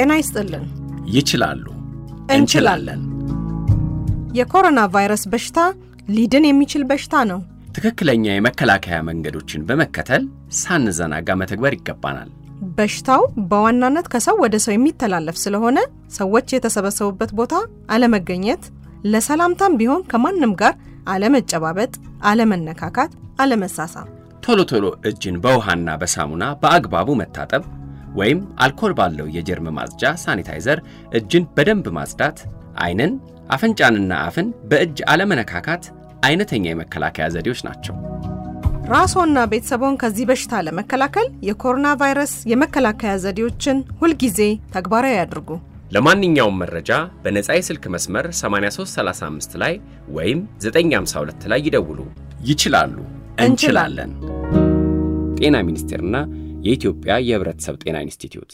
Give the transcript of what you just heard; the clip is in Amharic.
ጤና ይስጥልን። ይችላሉ፣ እንችላለን። የኮሮና ቫይረስ በሽታ ሊድን የሚችል በሽታ ነው። ትክክለኛ የመከላከያ መንገዶችን በመከተል ሳንዘናጋ መተግበር ይገባናል። በሽታው በዋናነት ከሰው ወደ ሰው የሚተላለፍ ስለሆነ ሰዎች የተሰበሰቡበት ቦታ አለመገኘት፣ ለሰላምታም ቢሆን ከማንም ጋር አለመጨባበጥ፣ አለመነካካት፣ አለመሳሳም፣ ቶሎ ቶሎ እጅን በውሃና በሳሙና በአግባቡ መታጠብ ወይም አልኮል ባለው የጀርም ማጽጃ ሳኒታይዘር እጅን በደንብ ማጽዳት፣ አይንን፣ አፍንጫንና አፍን በእጅ አለመነካካት አይነተኛ የመከላከያ ዘዴዎች ናቸው። ራስዎና ቤተሰቦን ከዚህ በሽታ ለመከላከል የኮሮና ቫይረስ የመከላከያ ዘዴዎችን ሁልጊዜ ተግባራዊ ያድርጉ። ለማንኛውም መረጃ በነፃ የስልክ መስመር 8335 ላይ ወይም 952 ላይ ይደውሉ። ይችላሉ፣ እንችላለን። ጤና ሚኒስቴርና የኢትዮጵያ የህብረተሰብ ጤና ኢንስቲትዩት